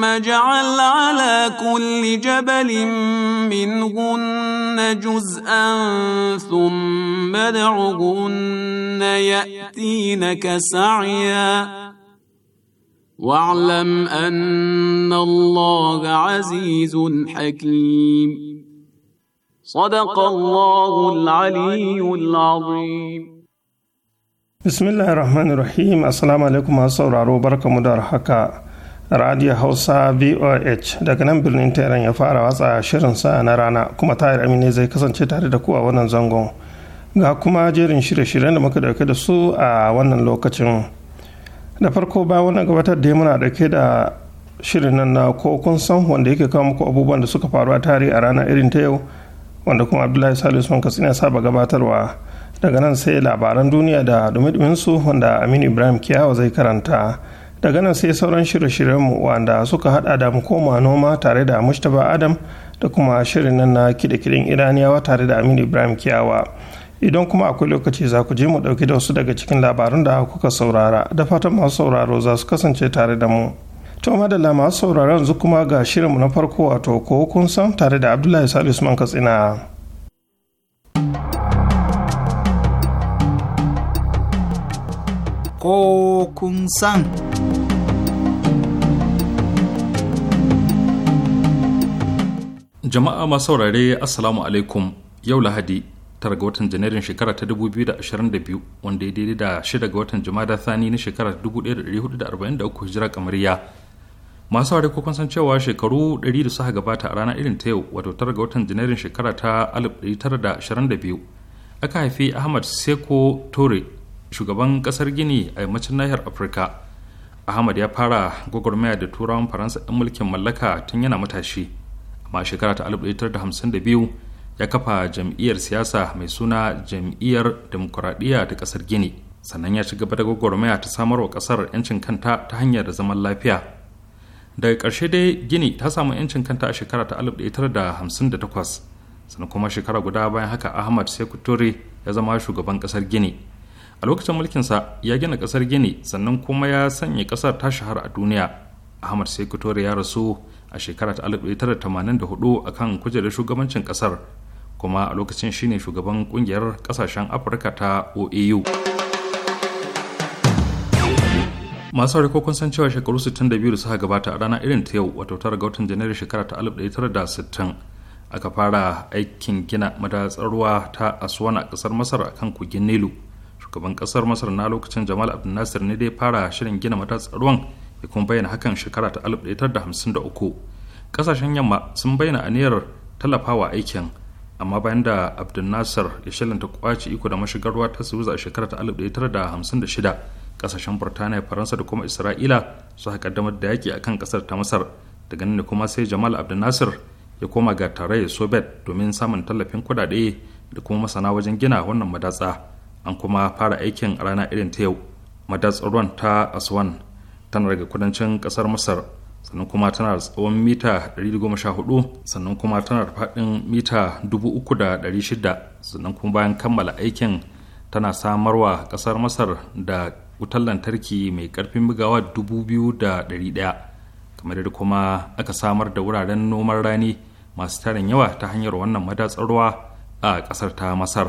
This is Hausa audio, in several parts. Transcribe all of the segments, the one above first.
ثم جعل على كل جبل منهن جزءا ثم ادعهن ياتينك سعيا واعلم ان الله عزيز حكيم صدق الله العلي العظيم بسم الله الرحمن الرحيم السلام عليكم ورحمه الله وبركاته radio hausa voh daga nan birnin tehran ya fara watsa shirin sa na rana kuma tahir amine zai kasance tare da ku a wannan zangon ga kuma jerin shirye-shiryen da muka dauke da su a wannan lokacin da farko ba wannan gabatar da muna dauke da shirin nan na ko kun san wanda yake kawo muku abubuwan da suka faru a tarihi a rana irin ta yau wanda kuma abdullahi salisu man katsina saba gabatarwa daga nan sai labaran duniya da dumi su wanda aminu ibrahim kiyawa zai karanta daga nan sai sauran shirye-shiryenmu wanda suka hada da mu koma noma tare da mustapha adam da kuma shirin nan na kide-kiden iraniyawa tare da aminu ibrahim kiyawa idan kuma akwai lokaci za ku je mu dauki da wasu daga cikin labarun da kuka saurara da fatan masu sauraro za su kasance tare da mu to madalla masu sauraro yanzu kuma ga shirinmu na farko wato ko kun san tare da abdullahi salisu man katsina ko kun san jama'a masu saurare assalamu alaikum yau lahadi tara ga watan janairun shekara ta 2022 wanda ya daidai da shida ga watan jumada thani na shekara 1443 hijira kamariya masu ware kun san cewa shekaru 100 da suka gabata a ranar irin ta yau wato tara ga watan janairun shekara ta 1922 aka haifi ahmad seko tore shugaban kasar gini a yammacin nahiyar afirka ahmad ya fara gwagwarmaya da turawan faransa 'yan mulkin mallaka tun yana matashi a shekara ta 1952 ya kafa jam'iyyar siyasa mai suna jam'iyyar demokuraɗiyya ta ƙasar gini sannan ya ci da gwagwarmaya ta samarwa ƙasar 'yancin kanta ta hanyar da zaman lafiya daga ƙarshe dai gini ta samu 'yancin kanta a shekara ta 1958 sannan kuma shekara guda bayan haka ahmad sekutore ya zama shugaban ƙasar gini a lokacin mulkinsa ya gina ƙasar gini sannan kuma ya sanya ƙasar ta shahara a duniya ahmad sekutore ya rasu a shekarar 1984 a kan kujerar shugabancin kasar kuma a lokacin shine shugaban kungiyar kasashen afirka ta oau masu harko kun san cewa shekaru 62 da suka gabata a rana irin ta yau wato tara ga watan janairu shekara ta 1960 aka fara aikin gina madatsar ruwa ta asuwan a kasar masar kan kogin nilu shugaban kasar masar na lokacin jamal abdul nasir ne dai fara shirin gina madatsar ruwan ya kuma bayyana hakan shekara ta 1953 kasashen yamma sun bayyana aniyar tallafawa aikin amma bayan da abdul nasir ya shalanta kwaci iko da mashigarwa ta suwiza a shekara ta 1956 kasashen burtaniya faransa da kuma isra'ila su kaddamar da yaki kan kasar ta masar daga nan kuma sai jamal abdul nasir ya koma ga tarayyar soviet domin samun tallafin kudade da kuma masana wajen gina wannan madatsa an kuma fara aikin rana irin ta yau madatsar ruwan ta aswan tana daga kudancin kasar masar sannan kuma tana da tsawon mita 114 sannan kuma tana da faɗin mita 3,600 sannan kuma bayan kammala aikin tana samarwa kasar masar da wutar lantarki mai karfin bugawa 2,100 kamar da kuma aka samar da wuraren noman rani masu tarin yawa ta hanyar wannan madatsar ruwa a kasar ta masar.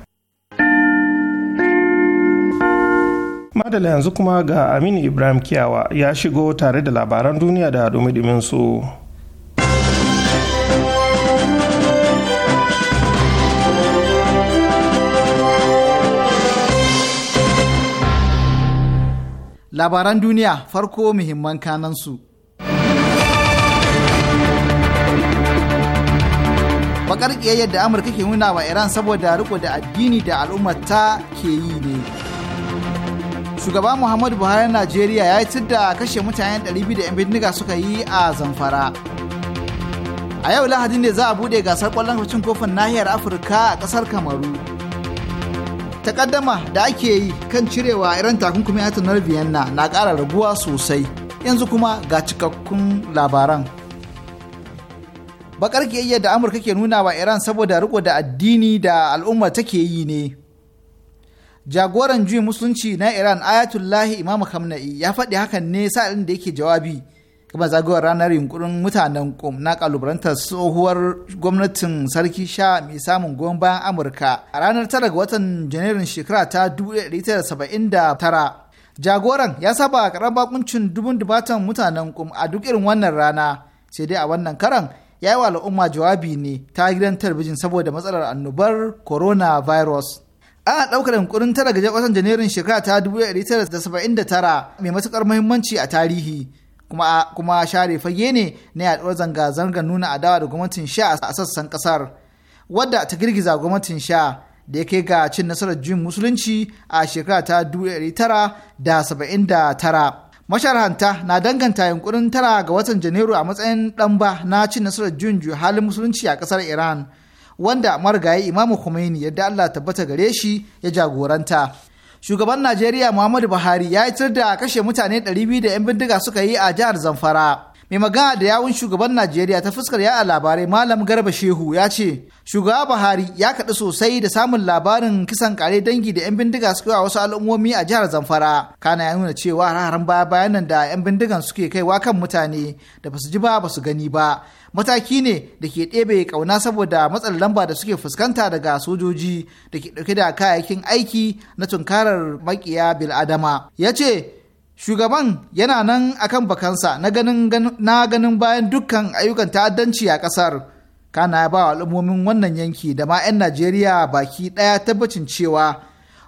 Madala yanzu kuma ga Aminu Ibrahim Kiyawa ya shigo tare da labaran duniya da dumi su. Labaran duniya farko muhimman kanansu. Bakar yadda Amurka ke nuna wa Iran saboda riko da addini da al'ummar ta ke yi ne. shugaba muhammadu buhari najeriya ya yi da kashe mutane 200 da 'yan bindiga suka yi a zamfara a yau lahadi ne za a bude gasar kwallon kwacin kofin nahiyar afirka a kasar kamaru takaddama da ake yi kan cirewa irin takunkumin atunar vienna na kara raguwa sosai yanzu kuma ga cikakkun labaran bakar kiyayya da amurka ke nuna wa iran saboda riko da addini da al'umma take yi ne jagoran juyin musulunci na iran ayatullahi imam khamenei ya faɗi hakan ne sa'ilin da yake jawabi gaba zagayowar ranar yunkurin mutanen kum na kalubalantar tsohuwar gwamnatin sarki sha mai samun goyon bayan amurka a ranar tara ga watan janairun shekara ta 1979 jagoran ya saba karan bakuncin dubun dubatan mutanen kum a duk irin wannan rana sai dai a wannan karan ya yi wa al'umma jawabi ne ta gidan talabijin saboda matsalar annobar coronavirus. ana ɗaukar yunkurin tara ga watan janairun shekara ta 1979 mai matuƙar muhimmanci a tarihi kuma kuma share fage ne na yaduwar zanga-zangar nuna adawa da gwamnatin sha a sassan ƙasar wadda ta girgiza gwamnatin sha da ya kai ga cin nasarar juyin musulunci a shekara ta tara. masharhanta na danganta yunkurin tara ga watan janairu a matsayin ɗan ba na cin nasarar juyin halin musulunci a ƙasar iran wanda marigayi imamu Khomeini yadda Allah tabbata gare shi ya jagoranta. Shugaban Najeriya Muhammadu Buhari ya yi da kashe mutane 200 da 'yan bindiga suka yi a jihar Zamfara. mai magana da yawun shugaban najeriya ta fuskar a labarai malam garba shehu ya ce shugaba buhari ya kaɗu sosai da samun labarin kisan kare dangi da 'yan bindiga suke suka wasu al'ummomi a jihar zamfara kana ya nuna cewa hararen baya bayan da 'yan bindigan suke kaiwa kan mutane da basu ji ba basu gani ba mataki ne da ke ɗebe ƙauna saboda matsalar lamba da suke fuskanta daga sojoji da ke ɗauke da kayayyakin aiki na tunkarar makiya bil'adama ya ce shugaban yana nan akan bakansa na ganin bayan dukkan ayyukan ta'addanci a kasar kana ba wa al'ummomin wannan yanki da ma 'yan najeriya baki daya tabbacin cewa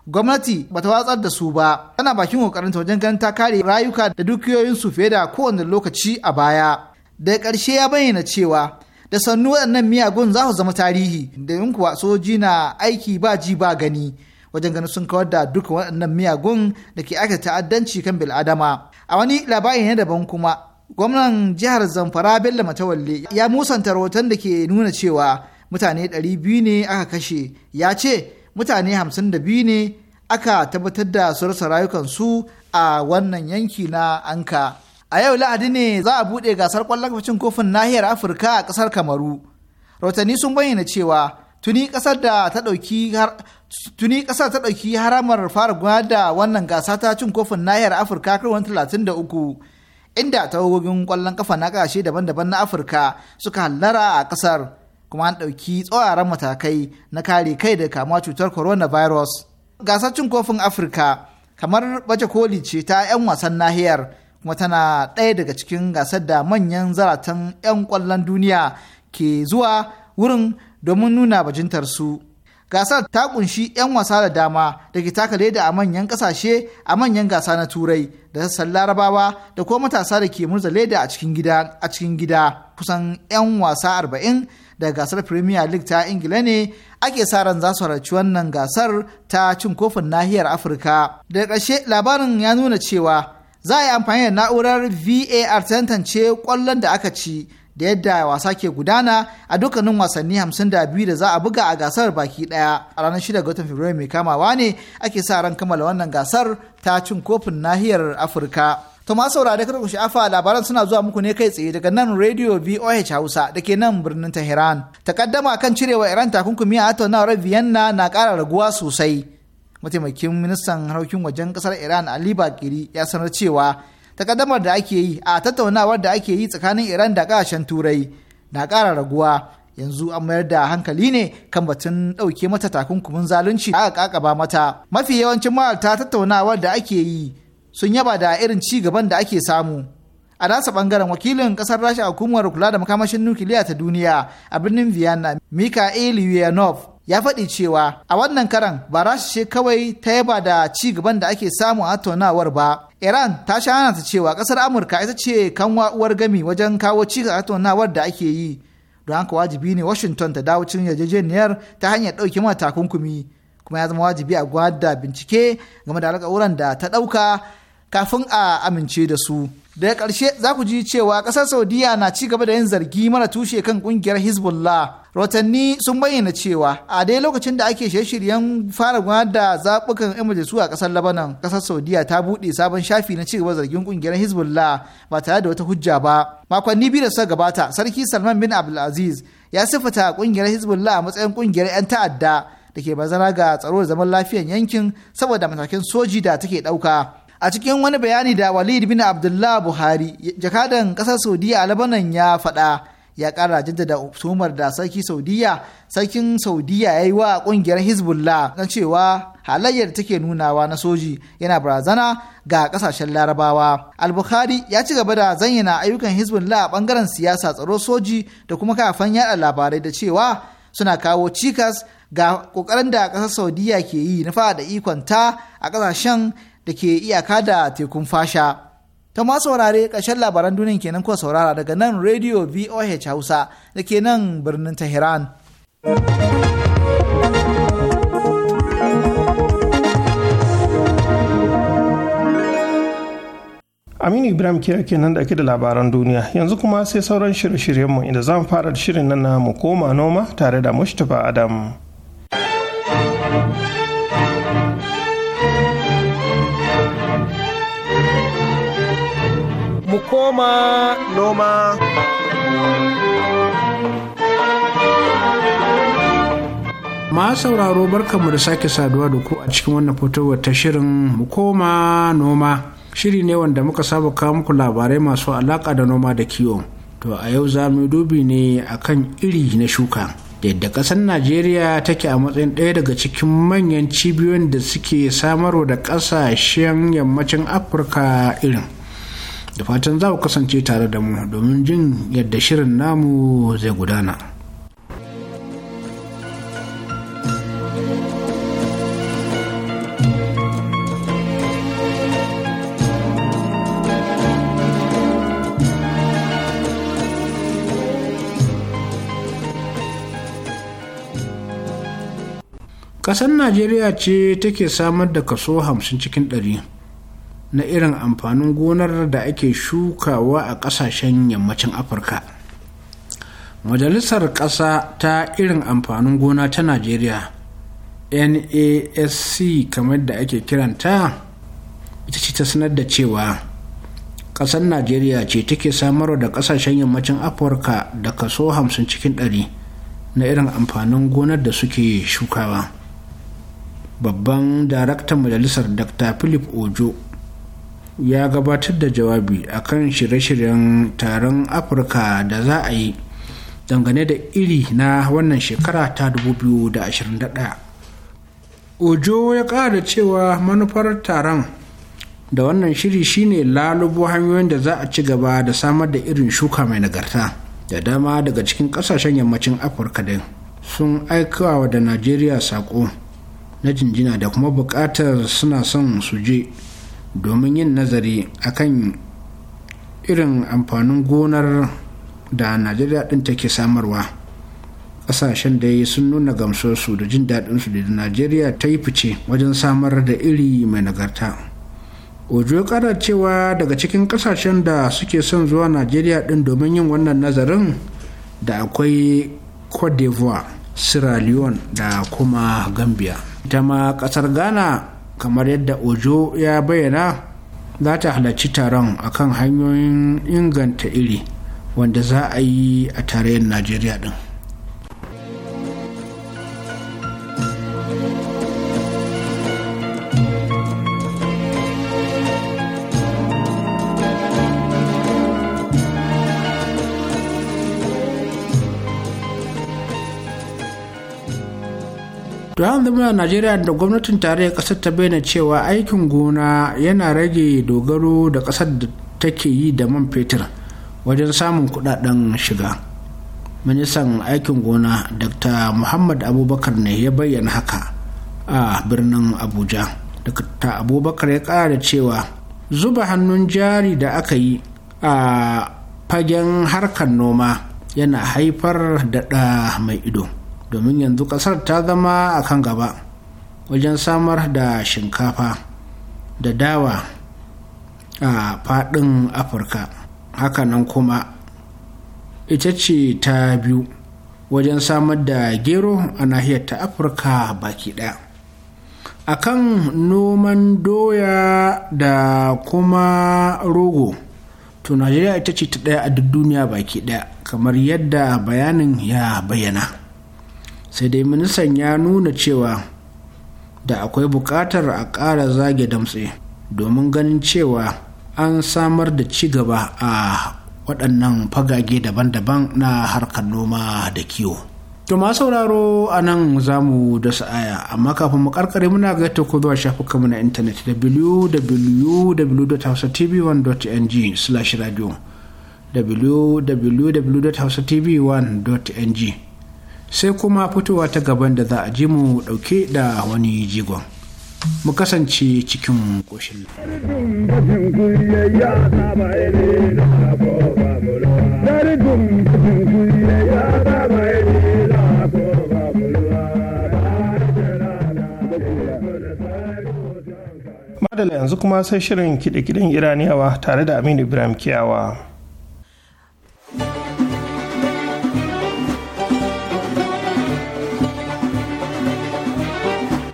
gwamnati bata watsar da su ba tana bakin kokarinta wajen ganin ta kare rayuka da dukiyoyinsu fiye da kowane lokaci a baya Daga ƙarshe ya bayyana cewa da sannu waɗannan miyagun za su zama tarihi da kuwa soji na aiki ba ji ba gani wajen ganin sun kawar da duka waɗannan miyagun da ke aka ta'addanci kan bil'adama a wani labari ne daban kuma gwamnan jihar zamfara bello matawalle ya musanta rahoton da ke nuna cewa mutane 200 ne aka kashe ya ce mutane hamsin da biyu ne aka tabbatar da su rasa rayukansu a wannan yanki na anka a yau la'adi ne za a buɗe gasar ƙwallon kafacin kofin nahiyar afirka a ƙasar kamaru rahotanni sun bayyana cewa tuni ƙasar da ta ɗauki tuni ƙasa ta ɗauki haramar fara gwada da wannan gasa ta cin kofin nahiyar afirka da uku, inda tawagogin ƙwallon kafa na ƙashe daban-daban na afirka suka hallara a ƙasar kuma an ɗauki tsoron matakai na kare kai da kamuwa cutar coronavirus gasar cin kofin afirka kamar baje koli ce ta 'yan wasan nahiyar kuma tana ɗaya daga cikin gasar da manyan zaratan 'yan kwallon duniya ke zuwa wurin domin nuna bajintar su. gasar ta kunshi 'yan wasa da dama da ke taka leda a manyan kasashe a manyan gasa na turai da sassan larabawa da kuma matasa da ke murza leda a cikin gida a cikin gida kusan 'yan wasa 40 da gasar premier league ta ingila ne ake sa ran za su halarci wannan gasar ta cin kofin nahiyar afirka daga ƙarshe labarin ya nuna cewa za a yi amfani da na'urar var tantance kwallon da aka ci da yadda wasa ke gudana a dukkanin wasanni 52 da za a buga a gasar baki daya a ranar 6 ga watan Fabrairu mai kamawa ne ake sa ran kammala wannan gasar ta cin kofin nahiyar Afirka. To ma saurare kada ku sha'afa labaran suna zuwa muku ne kai tsaye daga nan Radio VOH Hausa da ke nan birnin Tehran. Takaddama kan cirewa Iran takunkumi a tattaunawar Vienna na kara raguwa sosai. Mataimakin ministan harkokin wajen kasar Iran Ali Bakiri ya sanar cewa takaddamar da ake yi a tattaunawar da ake yi tsakanin iran da kasashen turai na ƙara raguwa yanzu an mayar da hankali ne kan batun ɗauke mata takunkumin zalunci da aka kakaba mata mafi yawancin ma'alta tattaunawar da ake yi sun yaba da irin ci gaban da ake samu a nasa bangaren wakilin kasar rasha hukumar kula da makamashin nukiliya ta duniya a birnin vienna mika yuyanov ya faɗi cewa a wannan karan ba rasha ce kawai ta yaba da ci gaban da ake samu a tattaunawar ba iran ta sha ta cewa ƙasar amurka ita ce kanwa uwar gami wajen kawo ci gaban tattaunawar da ake yi don haka wajibi ne washington ta dawo cikin yarjejeniyar ta hanyar ɗauki mata takunkumi kuma ya zama wajibi a gwada bincike game da alƙawuran da ta ɗauka kafin a amince da su. daga ƙarshe za ku ji cewa ƙasar saudiya na ci gaba da yin zargi mara tushe kan ƙungiyar hezbollah rotanni sun bayyana cewa a dai lokacin da ake shirye-shiryen fara gudanar da zaɓukan yan majalisu a ƙasar labanan ƙasar saudiya ta buɗe sabon shafi na ci gaba zargin ƙungiyar hezbollah ba tare da wata hujja ba makonni biyu da suka gabata sarki salman bin abdulaziz ya siffata ƙungiyar hezbollah a matsayin ƙungiyar 'yan ta'adda da ke bazara ga tsaro da zaman lafiyar yankin saboda matakin soji da take ɗauka a cikin wani bayani da walid bin abdullah buhari jakadan kasar saudiya a labanan ya faɗa ya ƙara jaddada tuhumar da sarki saudiya sarkin saudiya ya yi wa ƙungiyar hezbollah na cewa halayyar take nunawa na soji yana barazana ga ƙasashen larabawa al-bukhari ya ci gaba da zayyana ayyukan hezbollah a ɓangaren siyasa tsaro soji da kuma kafan yada labarai da cewa suna kawo cikas ga ƙoƙarin da ƙasar saudiya ke yi na fada ikonta a ƙasashen da ke iyaka da tekun fasha. Ta ma saurare ƙarshen labaran duniya kenan kuwa saurara daga nan Radio VOH Hausa da ke nan birnin Tehran. Aminu Ibrahim ake kenan da ake da labaran duniya yanzu kuma sai sauran shirye-shiryenmu inda zan fara da shirin nan na mu koma noma tare da Mustapha Adam. mu koma noma. Ma sauraro barkanmu da sake saduwa da ku a cikin wannan fitowar ta shirin mu koma noma. Shiri ne wanda muka saba kawo muku labarai masu alaƙa da noma da kiwo. To a yau za mu dubi ne akan iri na shuka. Yadda ƙasar Najeriya take a matsayin ɗaya daga cikin manyan cibiyoyin da suke samarwa da ƙasashen yammacin Afirka irin. da fatan za ku kasance tare da mu domin jin yadda shirin namu zai gudana. Ƙasar Najeriya ce take samar da kaso hamsin cikin ɗari. na irin amfanin gonar da ake shukawa a ƙasashen yammacin afirka majalisar ƙasa ta irin amfanin gona ta najeriya nasc kamar da ake kiranta ita ce ta sanar da cewa ƙasar najeriya ce take samar da ƙasashen yammacin afirka da kaso 50 cikin 100 na irin amfanin gonar da suke shukawa babban daraktan majalisar dr philip ojo ya gabatar da jawabi a kan shirye-shiryen taron afirka da za a yi dangane da iri na wannan shekara ta 2021 ojo ya ƙara cewa manufar taron da wannan shiri shine lalubo hanyoyin da za a ci gaba da samar da irin shuka mai nagarta da dama daga cikin ƙasashen yammacin afirka din sun aikawa da najeriya saƙo na jinjina da kuma bukatar suna son su je domin yin nazari a kan irin amfanin gonar da najeriya ɗin take samarwa ƙasashen da sun nuna gamsosu da jin daɗinsu da najeriya ta yi fice wajen samar da iri mai nagarta ojo ya ƙara cewa daga cikin ƙasashen da suke son zuwa najeriya ɗin domin yin wannan nazarin da akwai cote d'ivoire sierra leone da kuma gambia ita ma ƙasar ghana kamar yadda ojo ya bayyana za ta halarci taron akan hanyoyin inganta iri wanda za a yi a tarayyar najeriya din. to yanzu muna najeriya da gwamnatin tarayyar kasar ta bayyana cewa aikin gona yana rage dogaro da kasar da take yi da man fetur wajen samun kudaden shiga ministan aikin gona dr muhammad abubakar ne ya bayyana haka a birnin abuja dr abubakar ya kara da cewa zuba hannun jari da aka yi a fagen harkar noma yana haifar da mai ido. domin yanzu kasar ta zama a kan gaba wajen samar da shinkafa da dawa a fadin afirka hakanan kuma ita ce ta biyu wajen samar da gero a nahiyar ta afirka baki ɗaya a kan noman doya da kuma rogo to najeriya ita ce ta ɗaya a duk duniya baki ɗaya kamar yadda bayanin ya bayyana sai dai ministan ya nuna cewa da akwai buƙatar a ƙara zage damtse domin ganin cewa an samar da ci gaba a waɗannan fagage daban-daban na harkar noma da kiwo. To ma sauraro a nan za mu da sa'aya amma kafin mu karkare muna ga ta ko zuwa shafukanmu na intanet www.hausatv1.ng slash radio www.hausatv1.ng sai kuma fitowa ta gaban da za a ji mu dauke da wani jigon mu kasance cikin koshin madala yanzu kuma sai shirin kiɗe-kiɗen iraniyawa tare da aminu ibrahim kiyawa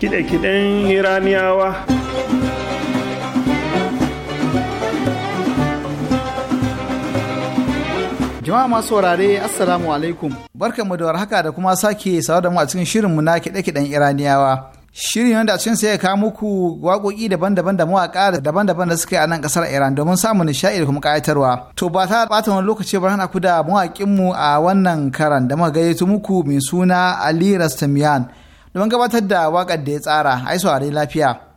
kide-kiden iraniyawa jama'a masu wurare assalamu alaikum barkanmu da warhaka da kuma sake sawa da mu a cikin shirinmu na kiɗe-kiɗen iraniyawa shirin wanda a cikin sai ya kawo muku waƙoƙi daban-daban da mawaƙa daban-daban da suka yi a nan ƙasar Iran domin samun nishaɗi da kuma ƙayatarwa. To ba ta ɓata wani lokaci ba hana ku da mawaƙinmu a wannan karan da muka gayyato muku mai suna Ali rastamian domin gabatar da waƙar da ya tsara ai saurari lafiya.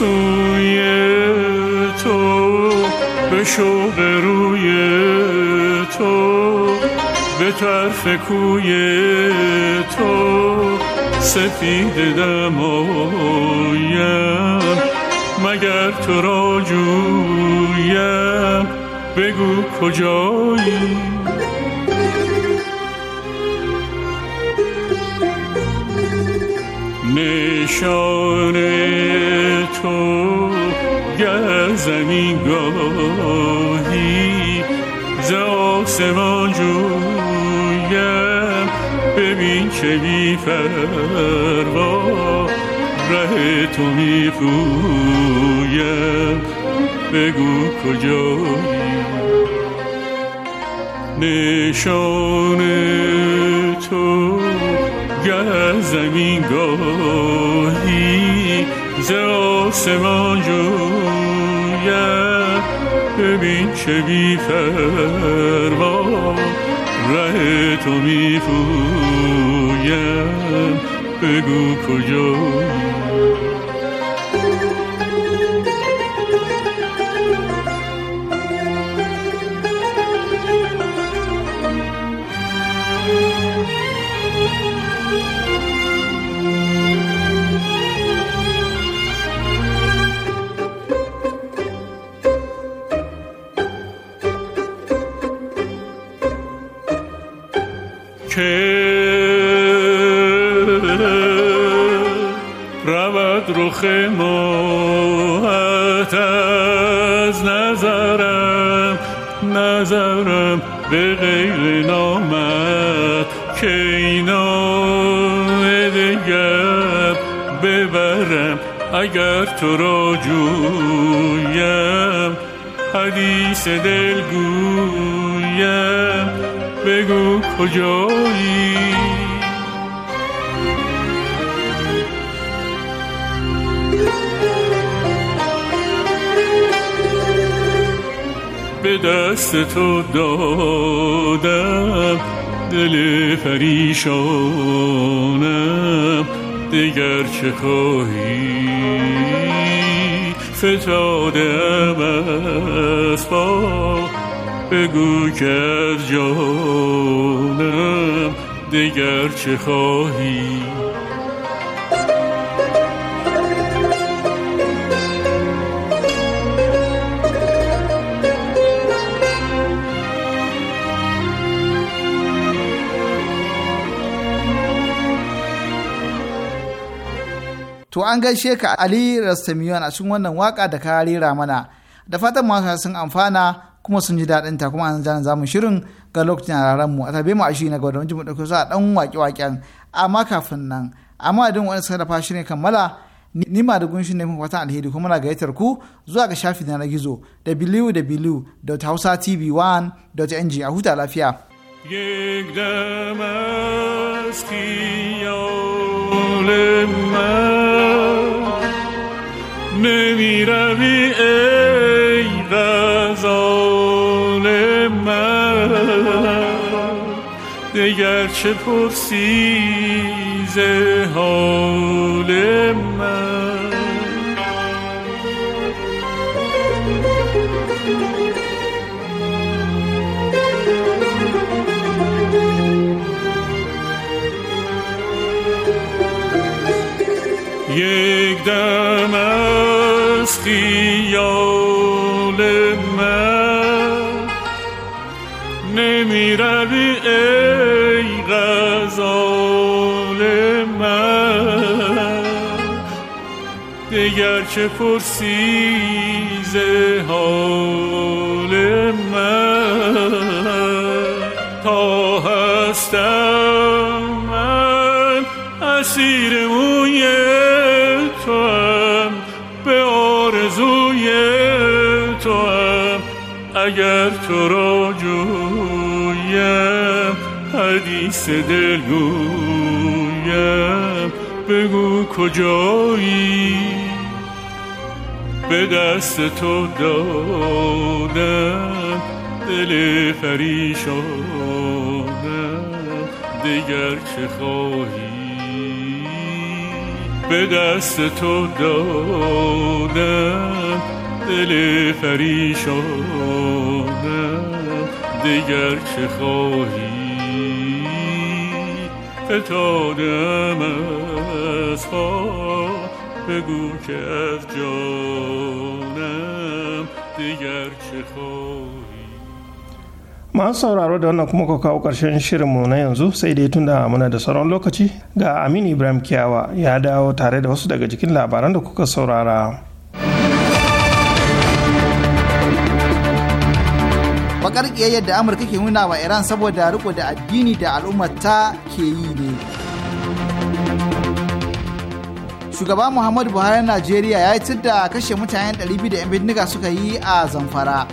سوی تو بشو به روی تو به طرف کوی تو سفید دمایم مگر تو را جویم بگو کجایی نشانه تو گزمی گاهی ز آسمان جویم ببین که بی فروا ره تو می بگو کجایی نشان تو زمین گاهی آسمان جوید ببین چه بی فرما ره تو می بگو کجایی رود روخ ما از نظرم نظرم به غیر نامت که اینا دگر ببرم اگر تو را جویم حدیث دلگویم بگو کجایی به دست تو دادم دل فریشانم دیگر چه خواهی فتادم از پا بگو که از جانم دیگر چه خواهی To an gaishe ka Ali Rastamiyon a cikin wannan waka da ka rera mana, da fatan masu sun amfana kuma sun ji daɗin ta kuma an zana zamu shirin ga lokacin a mu a tabe mu a shi na gaba da jimu ɗauke a ɗan waƙe-waƙen amma kafin nan amma din wani suka dafa shi ne kammala ni ma da gunshin ne wata alheri kuma na gayyatar ku zuwa ga shafi na gizo www.hausatv1.ng a huta lafiya. یک دم از eh غزال من دیگر چه پرسی ز حال من یک دم از خیال من نمی روی ای غزال من دیگر چه پرسی ز حال من تا هستم من اسیر اگر تو را جویم حدیث گویم بگو کجایی به دست تو دادم دل فریشانم دیگر چه خواهی به دست تو دادم دل فریشانه دیگر چه خواهی فتادم از ها بگو که از جانم دیگر چه خواهی Ma sauraro da wannan kuma ka kawo ƙarshen shirinmu na yanzu sai dai tun da muna da sauran lokaci ga aminu ibrahim kiyawa ya dawo tare da wasu daga jikin labaran da kuka saurara bakar ƙiyayyar yadda amurka ke nuna wa iran saboda riko da addini da al'umma ta ke yi ne shugaba muhammadu buhari na najeriya ya yi da kashe mutane 200 da 'yan bindiga suka yi a zamfara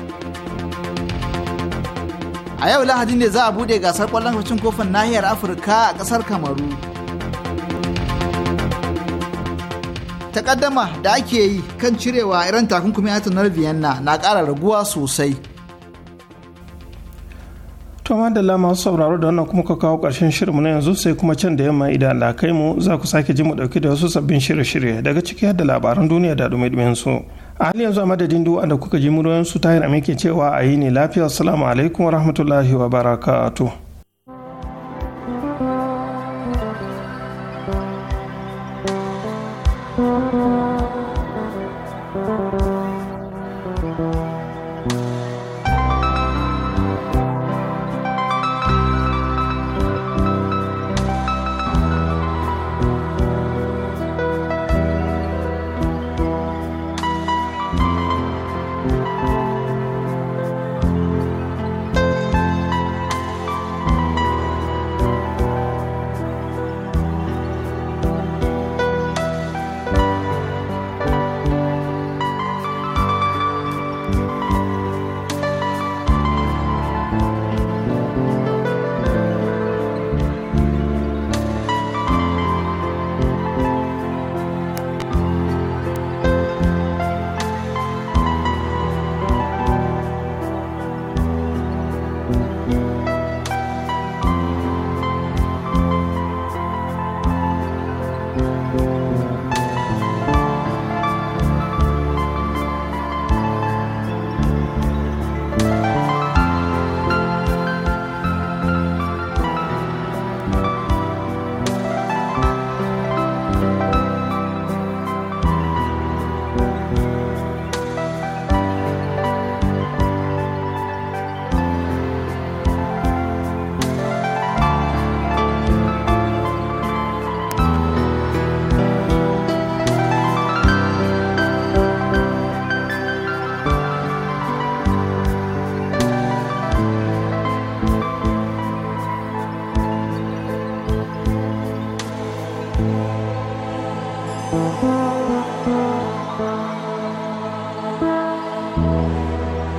a yau lahadi ne za a bude gasar kwallon kwacin kofin nahiyar afirka a kasar kamaru takaddama da ake yi kan cirewa iran takunkumin yatin vienna na kara raguwa sosai To madalla masu sauraro da wannan kuma ka kawo ƙarshen shirinmu na yanzu sai kuma can da yamma idan da kai mu za ku sake ji mu ɗauki da wasu sabbin shirye-shirye daga ciki da labaran duniya da dumi su. A hali yanzu a madadin duk da kuka ji muryoyin su ta yi cewa a yi ne lafiya. Assalamu alaikum wa rahmatullahi wa barakatuh.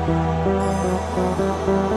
Thank you.